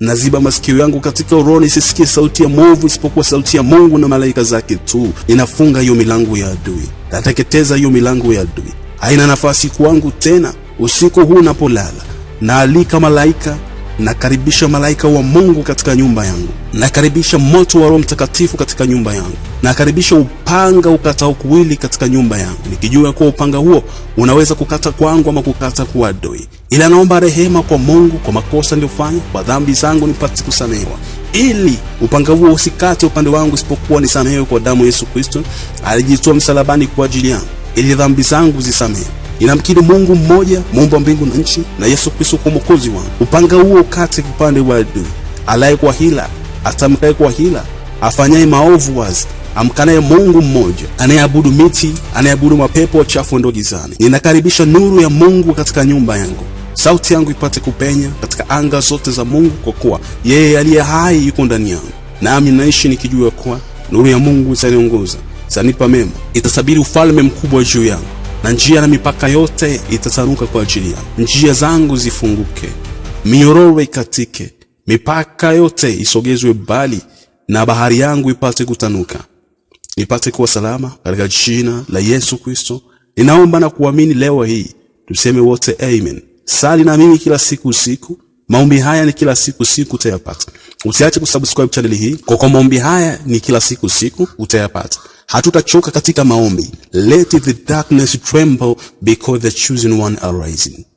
Naziba masikio yangu katika roho nisisikie sauti ya mwovu isipokuwa sauti ya Mungu na malaika zake tu. Ninafunga hiyo milango ya adui, nateketeza hiyo milango ya adui, haina nafasi kwangu tena. Usiku huu napolala, naalika malaika, nakaribisha malaika wa Mungu katika nyumba yangu, nakaribisha moto wa Roho Mtakatifu katika nyumba yangu, nakaribisha upanga ukatao kuwili katika nyumba yangu, nikijua kuwa upanga huo unaweza kukata kwangu ama kukata kwa adui ila naomba rehema kwa Mungu kwa makosa niliyofanya, kwa dhambi zangu nipate kusamehewa, ili upanga huo usikate upande wangu, isipokuwa nisamehewe kwa damu Yesu Kristo alijitoa msalabani kwa ajili yangu, ili dhambi zangu zisamehewe. Ninamkiri Mungu mmoja, muumba wa mbingu na nchi, na Yesu Kristo kwa mwokozi wangu. Upanga huo ukate upande wa adui, alaye kwa hila, atamkaye kwa hila, afanyaye maovu wazi amkanaye Mungu mmoja, anayeabudu miti, anayeabudu mapepo wachafu, ndo gizani. Ninakaribisha nuru ya Mungu katika nyumba yangu sauti yangu ipate kupenya katika anga zote za Mungu, kwa kuwa yeye aliye hai yuko ndani yangu, nami naishi nikijua kuwa nuru ya Mungu itaniongoza, itanipa mema, itasabiri ufalme mkubwa juu yangu, na njia na mipaka yote itatanuka kwa ajili yangu. Njia zangu zifunguke, miororo ikatike, mipaka yote isogezwe mbali, na bahari yangu ipate kutanuka, ipate kuwa salama, katika jina la Yesu Kristo ninaomba na kuamini leo hii, tuseme wote amen. Sali na mimi kila siku usiku. Maombi haya ni kila siku siku utayapata. Usiache kusubscribe channel hii kwa kwa maombi haya ni kila siku siku utayapata. Hatutachoka katika maombi. Let the darkness tremble because the chosen one arising.